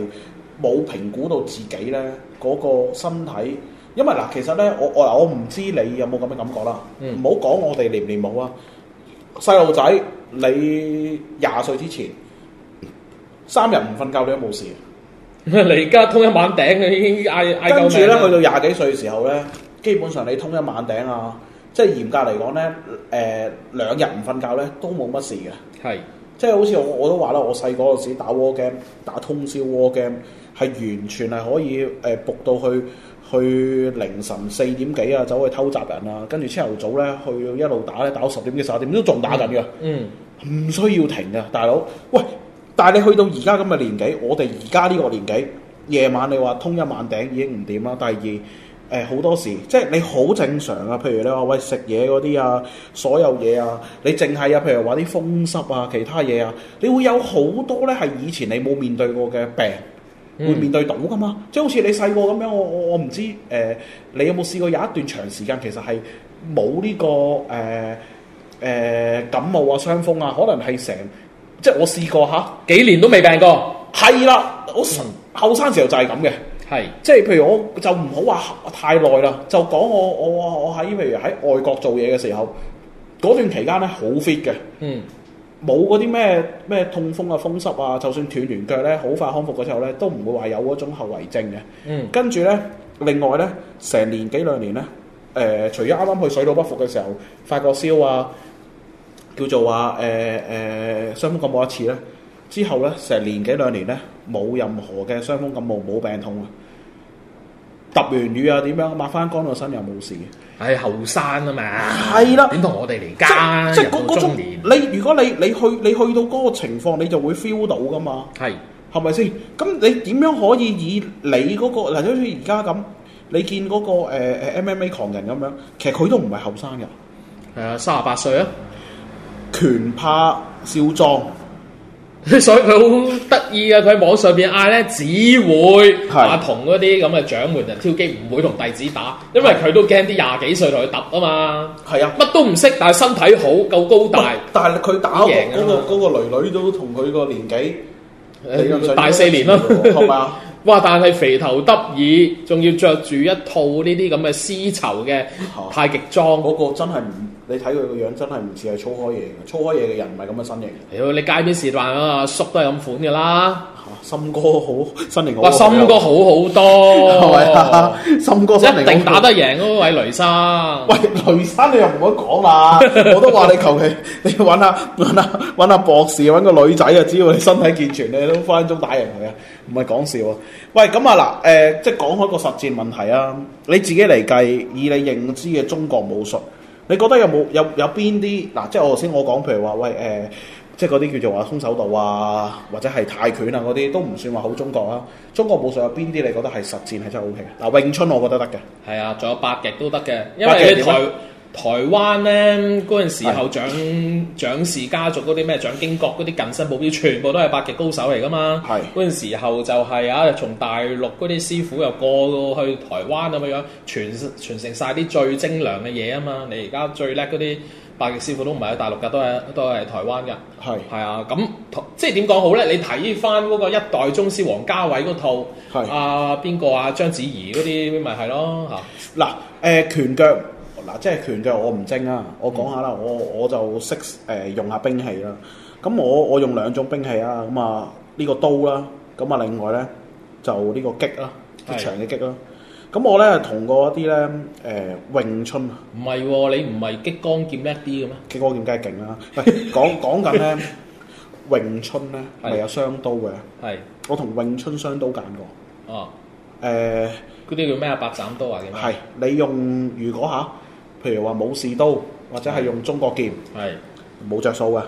冇評估到自己咧嗰、那個身體，因為嗱，其實咧我我我唔知你有冇咁嘅感覺啦。唔好講我哋、嗯、練唔練武啊，細路仔你廿歲之前三日唔瞓覺你都冇事。你而家通一晚頂，你嗌嗌救命。跟住咧，去到廿幾歲嘅時候咧，基本上你通一晚頂啊，即係嚴格嚟講咧，誒、呃、兩日唔瞓覺咧都冇乜事嘅。係。即係好似我我都話啦，我細個嗰時打 war game，打通宵 war game 係完全係可以誒，搏、呃、到去去凌晨四點幾啊，走去偷襲人啊，跟住朝頭早咧去一路打咧，打到十點幾十點都仲打緊嘅、嗯，嗯，唔需要停啊，大佬。喂，但係你去到而家咁嘅年紀，我哋而家呢個年紀，夜晚你話通一晚頂已經唔掂啦。第二。誒好多時，即係你好正常啊。譬如你話喂食嘢嗰啲啊，所有嘢啊，你淨係啊，譬如話啲風濕啊，其他嘢啊，你會有好多咧係以前你冇面對過嘅病，會面對到噶嘛。嗯、即係好似你細個咁樣，我我我唔知誒、呃，你有冇試過有一段長時間其實係冇呢個誒誒、呃呃、感冒啊、傷風啊，可能係成即係我試過吓幾年都未病過。係啦，我、嗯、後生時候就係咁嘅。係，是即係譬如我就，就唔好話太耐啦。就講我，我，我喺譬如喺外國做嘢嘅時候，嗰段期間咧好 fit 嘅，嗯，冇嗰啲咩咩痛風啊、風濕啊，就算斷完腳咧，好快康復嘅時候咧，都唔會話有嗰種後遺症嘅。嗯，跟住咧，另外咧，成年幾兩年咧，誒、呃，除咗啱啱去水土不服嘅時候發過燒啊，叫做話誒誒，傷、呃呃、風感冒一次咧。之後咧，成年幾兩年咧，冇任何嘅傷風感冒，冇病痛啊！揼完雨啊，點樣抹翻乾個身又冇事。係後生啊嘛，係啦，點同我哋嚟加？即係嗰嗰種你，如果你你去你去到嗰個情況，你就會 feel 到噶嘛。係，係咪先？咁你點樣可以以你嗰個嗱？好似而家咁，你見嗰個誒誒 MMA 狂人咁樣，其實佢都唔係後生人，誒三十八歲啊，拳怕少壯。所以佢好得意啊，佢喺網上邊嗌咧，只會話同嗰啲咁嘅掌門人挑機，唔會同弟子打，因為佢都驚啲廿幾歲同佢揼啊嘛。係啊，乜都唔識，但係身體好，夠高大。但係佢打贏，嗰個嗰個女女都同佢個年紀，嗯、大四年啦。 係咪？哇！但係肥頭耷耳，仲要着住一套呢啲咁嘅絲綢嘅太極裝，嗰、啊嗰個真係唔～你睇佢個樣，真係唔似係粗開嘢嘅，粗開嘢嘅人唔係咁嘅身形，哎。你街邊示範啊，叔，叔都係咁款嘅啦。嚇、啊，森哥好身形好。哇，森哥好好多，係咪啊？森哥一定打得贏嗰位雷生。 喂，雷生你又唔好講啦， 我都話你求其，你揾下揾下揾博士，揾個女仔啊，只要你身體健全，你都分分鐘打贏佢啊！唔係講笑啊！喂，咁啊嗱，誒、呃呃，即係講開個實戰問題啊，你自己嚟計，以你認知嘅中國武術。你覺得有冇有有邊啲嗱？即係我頭先我講，譬如話喂誒、呃，即係嗰啲叫做話空手道啊，或者係泰拳啊嗰啲，都唔算話好中國啊。中國武術有邊啲？你覺得係實戰係真係 OK 嘅？嗱、啊，詠春我覺得得嘅。係啊，仲有八極都得嘅，因為佢。台灣咧嗰陣時候，蔣蔣氏家族嗰啲咩蔣經國嗰啲近身保鏢，全部都係八極高手嚟噶嘛。嗰陣的時候就係啊，從大陸嗰啲師傅又過到去台灣咁樣，傳傳承晒啲最精良嘅嘢啊嘛。你而家最叻嗰啲八極師傅都唔係喺大陸噶，都係都係台灣噶。係係啊，咁即係點講好咧？你睇翻嗰個一代宗師王家衛嗰套，阿邊個啊章、啊、子怡嗰啲咪係咯嚇。嗱誒、啊呃、拳腳。嗱，即係拳嘅我唔精啊，我講下啦，我我就識誒用下兵器啦。咁我我用兩種兵器啦，咁啊呢個刀啦，咁啊另外咧就呢個擊啦，長嘅擊啦。咁我咧同過一啲咧誒詠春。唔係喎，你唔係激光劍叻啲嘅咩？激光劍梗係勁啦。講講緊咧詠春咧，係有雙刀嘅。係，我同詠春雙刀揀過。哦，誒嗰啲叫咩啊？八斬刀啊？點啊？係，你用如果嚇？譬如話武士刀或者係用中國劍，係冇著數嘅。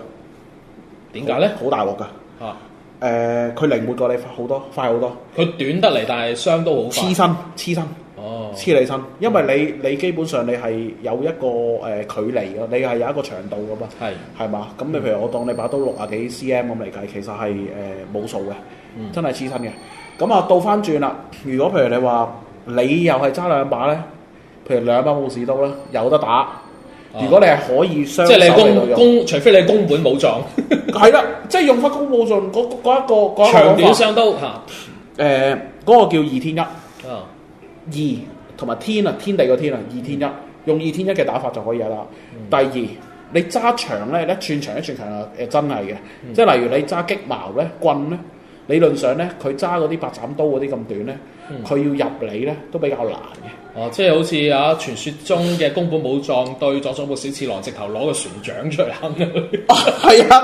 點解咧？好大鑊㗎！啊誒，佢靈活過你好多，快好多。佢短得嚟，但係傷都好黐身，黐身哦，黐你身。因為你你基本上你係有一個誒距離㗎，你係有一個長度㗎嘛。係係嘛？咁你譬如我當你把刀六啊幾 cm 咁嚟計，其實係誒冇數嘅，真係黐身嘅。咁啊，倒返轉啦！如果譬如你話你又係揸兩把咧？譬如兩把武士刀咧，有得打。如果你係可以雙手、啊，即係你宮宮，除非你宮本武藏，係 啦，即係用翻宮武藏嗰嗰一個嗰長短雙刀。誒、呃，嗰、那個叫二天一，啊、二同埋天啊，天地個天啊，二天一、嗯、用二天一嘅打法就可以啦。嗯、第二，你揸長咧，一寸長一寸長啊，誒、嗯，真係嘅。即係例如你揸激矛咧、棍咧，理論上咧，佢揸嗰啲八斬刀嗰啲咁短咧，佢要入你咧，都比較難嘅。哦，即係好似啊，傳說中嘅宮本武藏對佐佐木小次郎，直頭攞個船槳出嚟。係啊，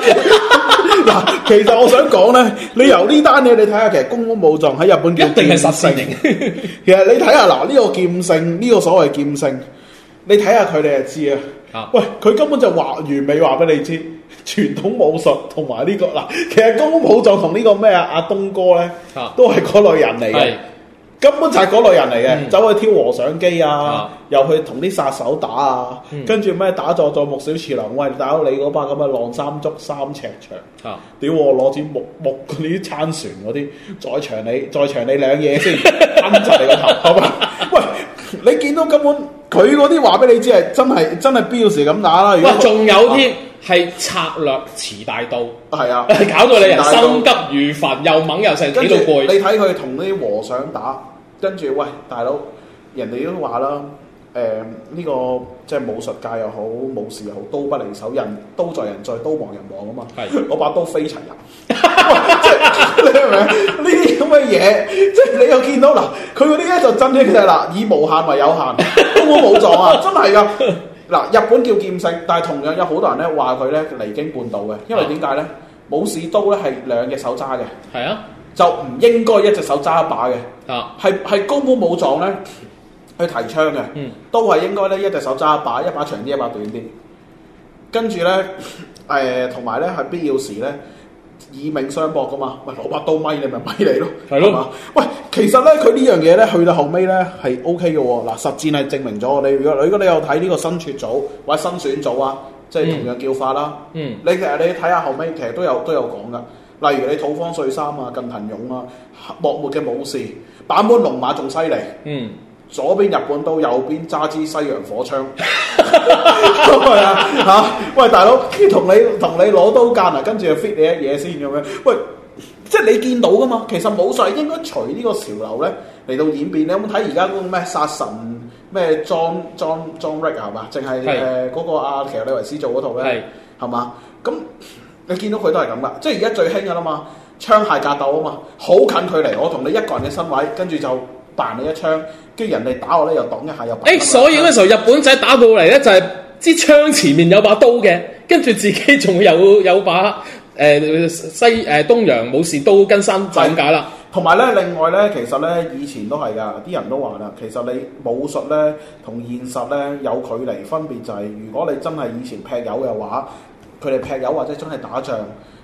嗱、啊， 其實我想講咧，你由呢單嘢你睇下，其實宮本武藏喺日本叫劍一定係 實姓、這個這個這個。其實你睇下嗱，啊、呢個劍聖，呢個所謂劍聖，你睇下佢哋就知啊。喂，佢根本就話完美話俾你知，傳統武術同埋呢個嗱，其實宮本武藏同呢個咩啊阿東哥咧，都係嗰類人嚟嘅。根本就係嗰類人嚟嘅，嗯、走去挑和尚機啊，啊又去同啲殺手打啊，嗯、跟住咩打佐佐木小次郎，喂，打到你嗰班咁嘅浪三竹、三尺長，屌、啊、我攞住木木嗰啲撐船嗰啲再長你再長你兩嘢先，崩實 你個頭，好 喂，你見到根本佢嗰啲話俾你知係真係真係必要時咁打啦，如果仲有啲……啊係策略持大刀，係啊，搞到你人心急如焚，又猛又成，幾到攰。你睇佢同啲和尚打，跟住喂，大佬，人哋都話啦，誒、呃、呢、呢個即係武術界又好，武士又好，刀不離手，刀在人在，在刀亡人亡啊嘛。係是，我 把刀飛塵入、啊，即 係你明唔明呢啲咁嘅嘢，即係、就是、你又見到嗱，佢嗰啲咧就真嘅，就係嗱，以無限為有限，根本冇撞啊，真係噶。 嗱，日本叫劍聖，但係同樣有好多人咧話佢咧離經叛道嘅，因為點解咧？武士刀咧係兩隻手揸嘅，係啊，就唔應該一隻手揸一把嘅，啊，係係宮本武藏咧去提倡嘅，嗯，都係應該咧一隻手揸一把，一把長啲，一把短啲，跟住咧，誒同埋咧係必要時咧。以命相搏噶嘛，喂，攞把刀咪你咪咪嚟咯，係咯的，喂，其實咧佢呢樣嘢咧去到後尾咧係 O K 嘅喎，嗱、OK 哦、實戰係證明咗，例如如果你有睇呢個新撰組或者新選組啊，即係同樣叫法啦、嗯，嗯，你其實你睇下後尾其實都有都有講噶，例如你土方歲三啊、近藤勇啊、幕末嘅武士、坂本龍馬仲犀利，嗯。左邊日本刀，右邊揸支西洋火槍，都係啊嚇！喂，大佬，同你同你攞刀架嗱，跟住 fit 你一嘢先咁樣。喂，即係你見到噶嘛？其實武術應該隨呢個潮流咧嚟到演變。你有冇睇而家嗰個咩殺神咩 John Wick 係嘛？淨係誒嗰個阿，奇洛李維斯做嗰套咧係嘛？咁是你見到佢都係咁噶，即係而家最興噶啦嘛，槍械格鬥啊嘛，好近距離，我同你一個人嘅身位，跟住就。彈你一槍，跟住人哋打我咧又擋一下又。誒、欸，所以嗰時候日本仔打到嚟咧就係支槍前面有把刀嘅，跟住自己仲有有把誒、呃、西誒、呃呃、東洋武士刀跟山。點解啦？同埋咧，另外咧，其實咧以前都係噶，啲人都話啦，其實你武術咧同現實咧有距離分別，就係，就係如果你真係以前劈友嘅話，佢哋劈友或者真係打仗。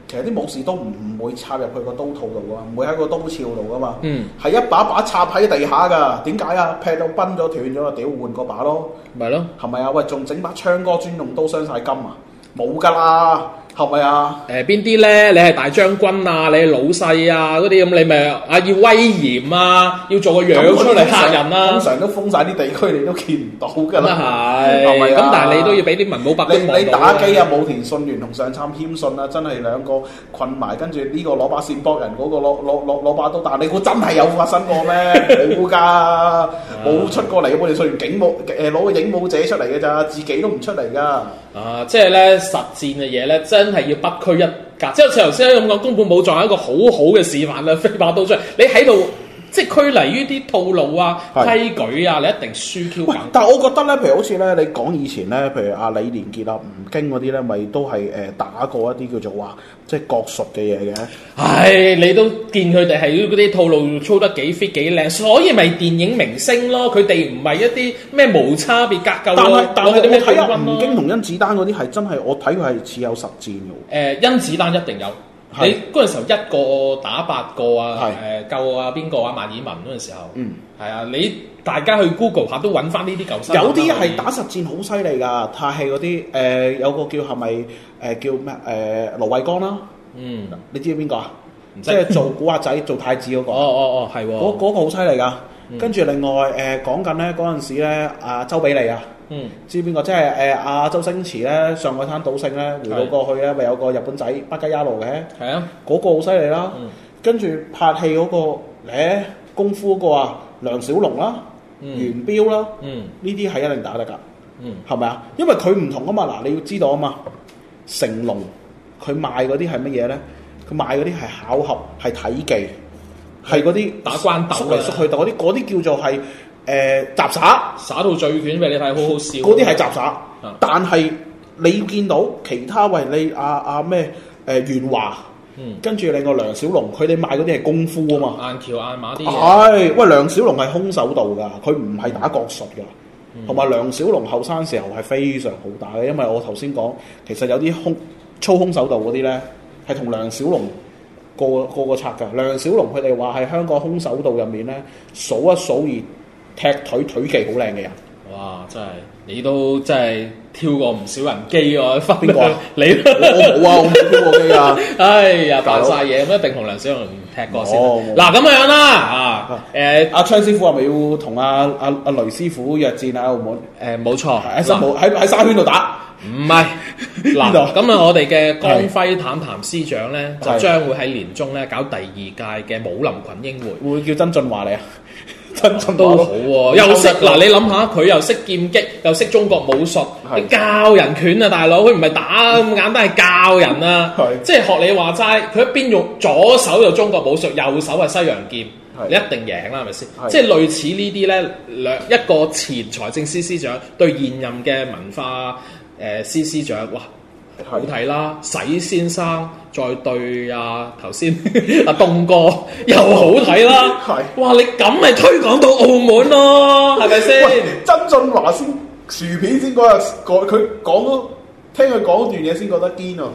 其實啲武士都唔會插入去個刀套度㗎，唔會喺個刀鞘度㗎嘛，係、嗯、一把一把插喺地下㗎。點解啊？劈到崩咗斷咗啊，屌換個把咯，咪咯，係咪啊？喂，仲整把槍哥專用刀傷晒金啊？冇㗎啦！.係咪啊？誒邊啲咧？你係大將軍啊，你係老細啊，嗰啲咁你咪啊要威嚴啊，要做個樣、嗯嗯、出嚟嚇人啊。通常都封晒啲地區，你都見唔到㗎啦。咁是啊係，咁、嗯、但係你都要俾啲文武百官你看。你你打機啊，對武田信玄同上杉謙信啊，真係兩個困埋，跟住呢個攞把扇搏人，嗰個攞攞攞攞把刀打你。估真係有發生過咩？冇㗎，冇出過嚟。我哋從警武誒攞個影武者出嚟嘅咋，自己都唔出嚟㗎。啊！即係咧實戰嘅嘢咧，真係要不拘一格。即係我頭先咁講，宮本武藏一個好好嘅示範啦。飛把刀出嚟，你喺度。即係區離於啲套路啊、規矩啊，是你一定輸 q。但係我覺得咧，譬如好似咧，你講以前咧，譬如阿李連杰啊、吳京嗰啲咧，咪都係誒打過一啲叫做話、啊、即係國術嘅嘢嘅。唉，你都見佢哋係嗰啲套路操得幾 fit 幾靚，所以咪電影明星咯。佢哋唔係一啲咩無差別格鬥，但係是是你睇下，吳京同甄子丹嗰啲係真係我睇佢係似有實戰嘅。誒、呃，甄子丹一定有。你嗰陣時候一個打八個啊是，誒救啊邊個啊，萬爾文嗰陣時候，係、嗯、啊，你大家去 Google 下都揾翻呢啲舊新聞。有啲係打實戰好犀利噶，太氣嗰啲，誒有個叫係咪誒叫咩？誒盧惠光啦，嗯，你知唔知邊個啊？不用 即係做古惑仔 做太子嗰個，哦哦哦，係喎，嗰個好犀利噶。跟住另外誒講緊咧嗰陣時咧，阿周比利啊。嗯，知邊個？即係誒，阿周星馳咧，上海灘賭聖咧，回到過去咧，咪有個日本仔北加雅路嘅，係啊，嗰個好犀利啦。跟住拍戲嗰個咧功夫嗰個啊，梁小龍啦，元彪啦，呢啲係一定打得㗎，係咪啊？因為佢唔同啊嘛，嗱，你要知道啊嘛，成龍佢賣嗰啲係乜嘢咧？佢賣嗰啲係巧合，係體技，係嗰啲打關鬥啊，縮嚟縮去，但啲啲叫做係。誒、呃、雜耍耍到最巔畀你睇好好笑。嗰啲係雜耍，但係你見到其他，喂，你阿阿咩元華，嗯、跟住另外梁小龍，佢哋賣嗰啲係功夫啊嘛。硬、嗯、橋硬馬啲係、哎嗯、喂，梁小龍係空手道㗎，佢唔係打國術㗎。同埋、嗯、梁小龍後生時候係非常好打嘅，因為我頭先講，其實有啲空操空手道嗰啲咧係同梁小龍過過個拆㗎。梁小龍佢哋話係香港空手道入面咧數一數二。踢腿腿技好靚嘅人，哇！真係你都真係跳過唔少人機個，忽邊個啊？你我冇啊，我冇跳過機啊！哎呀，扮晒嘢咁一定同梁小龍踢過先。嗱，咁樣啦，啊，誒，阿昌師傅係咪要同阿阿阿雷師傅約戰啊？冇，誒，冇錯，喺沙喺喺沙圈度打。唔係，嗱，度？咁啊，我哋嘅江輝坦談司長咧，就將會喺年終咧搞第二屆嘅武林群英會，會叫曾俊華嚟啊！都,都好喎、啊，又識懂嗱、啊、你諗下，佢又識劍擊，又識中國武術，的教人拳啊大佬，佢唔係打咁簡單，係 教人啊，的即係學你話齋，佢一邊用左手就中國武術，右手係西洋劍，的你一定贏啦、啊，係咪先？的即係類似呢啲呢，兩一個前財政司司長對現任嘅文化誒司司長，哇！是好睇啦，洗先生再對啊頭先阿棟哥又好睇啦，係是哇你咁咪推廣到澳門咯、啊，係咪先？曾俊華先薯片先嗰日，講佢講聽佢講段嘢先覺得癲哦。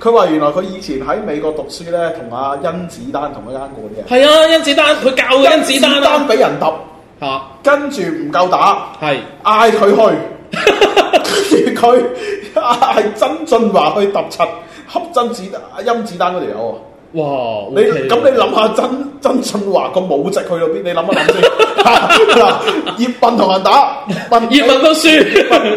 佢話原來佢以前喺美國讀書咧，同阿甄子丹同一間館嘅。係啊，甄子丹佢教甄子丹俾、啊、人揼吓，跟住唔夠打，係嗌佢去。佢 係 曾俊華去揼柒，恰曾子、啊，陰子丹嗰條友。哇、wow, okay , okay.！你咁你諗下曾曾俊華個武值去到邊？你諗一諗先。嗱，葉問同人打，問葉問都輸，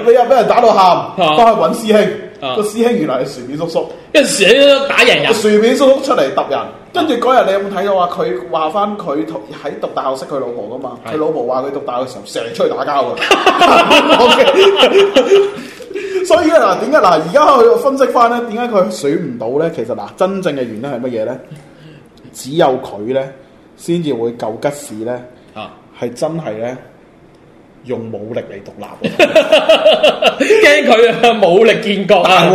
你又俾人打到喊，翻 去揾師兄，個 師兄原來係薯片叔叔，一時 贏打人，薯片叔叔出嚟揼人。跟住嗰日，你有冇睇到話佢話翻佢喺讀大學識佢是的 老婆噶嘛？佢老婆話佢讀大學嘅時候，成日出去打交嘅。所以嗱，點解嗱而家去分析翻咧？點解佢選唔到咧？其實嗱，真正嘅原因係乜嘢咧？只有佢咧，先至會救吉士咧，係、啊、真係咧。用武力嚟獨立，驚佢啊！武力建國啊！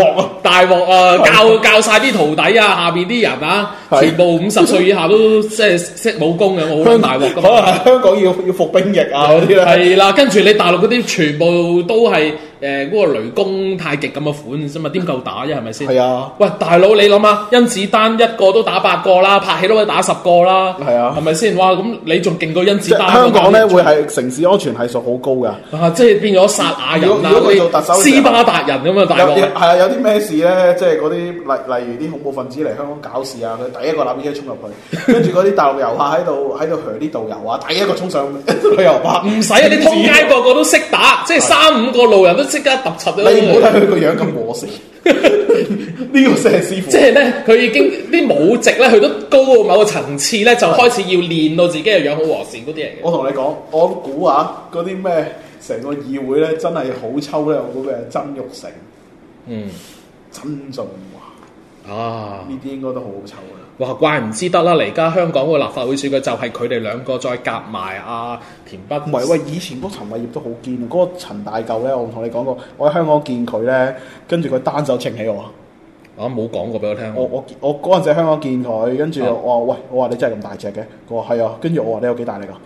大鑊，大鑊啊！啊，教是的 教曬啲徒弟啊，下邊啲人啊，是的 全部五十歲以下都即係識武功嘅、啊，我好大鑊。 可能香港要要服兵役啊嗰啲啦。係啦， 跟住你大陸嗰啲全部都係。誒嗰個雷公太極咁嘅款啫嘛，點夠打啫？係咪先？係啊！喂，大佬你諗下，甄子丹一個都打八個啦，拍戲都可以打十個啦。係啊，係咪先？哇！咁你仲勁過甄子丹？香港咧會係城市安全係數好高㗎。即係變咗殺亞人啦，嗰啲斯巴達人咁啊！大佬！係啊！有啲咩事咧？即係嗰啲例例如啲恐怖分子嚟香港搞事啊！佢第一個立即衝入去，跟住嗰啲大陸遊客喺度喺度嚇啲導遊啊！第一個衝上旅遊巴，唔使啊！啲通街個個都識打，即係三五個路人都。即刻揼插你唔好睇佢個樣咁和善， 呢個師傅。即係咧，佢已經啲武值咧，佢都高到某個層次咧，就開始要練到自己嘅樣好和善嗰啲人。我同你講，我估啊，嗰啲咩成個議會咧，真係好抽咧，嗰個曾鈺成，嗯，曾俊華。啊！呢啲應該都好好抽噶啦！哇！怪唔知得啦，嚟而家香港個立法會選舉就係佢哋兩個再夾埋阿田北。唔係喂，喂，以前嗰個陳偉業都好堅，嗰、那個陳大嚿咧，我同你講過，我喺香港見佢咧，跟住佢單手撐起我。啊！冇講過俾我聽。我我我嗰陣時香港見佢，跟住我話：啊、喂，我話你真係咁大隻嘅。佢話：係啊。跟住我話：你有幾大力㗎、啊？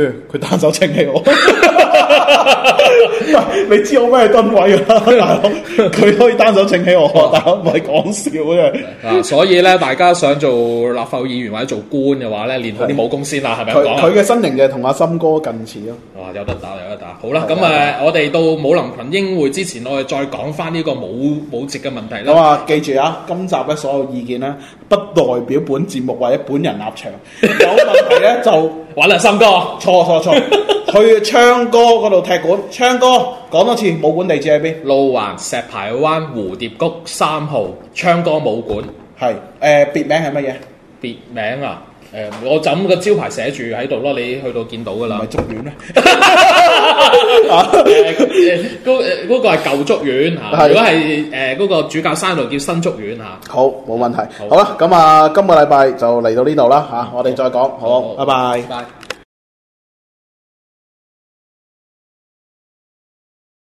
佢單手撐起我， 你知我咩噸位啦？佢 可以單手撐起我，但唔係講笑啫。啊，所以咧，大家想做立法會議員或者做官嘅話咧，練好啲武功先啦，係咪他？佢佢嘅身形就同阿森哥近似啊！哇，有得打，有得打，好啦，咁啊，我哋到武林群英會之前，我哋再講翻呢個武武值嘅問題啦。啊，記住啊，今集嘅所有意見咧，不代表本節目或者本人立場，有問題咧就。 玩兩三哥，錯錯錯， 去昌哥嗰度踢館。昌哥講多次，武館地址喺邊？路環石排灣蝴蝶谷三號，昌哥武館係誒，呃、別名係乜嘢？別名啊？誒，我咁個招牌寫住喺度咯，你去到見到噶啦。唔係竹苑咩？嗰誒嗰個係舊竹苑，吓是。如果係誒嗰個主教山度叫新竹苑，吓。好，冇問題。好啦，咁啊，今個禮拜就嚟到呢度啦吓，好我哋再講，好，好好拜拜。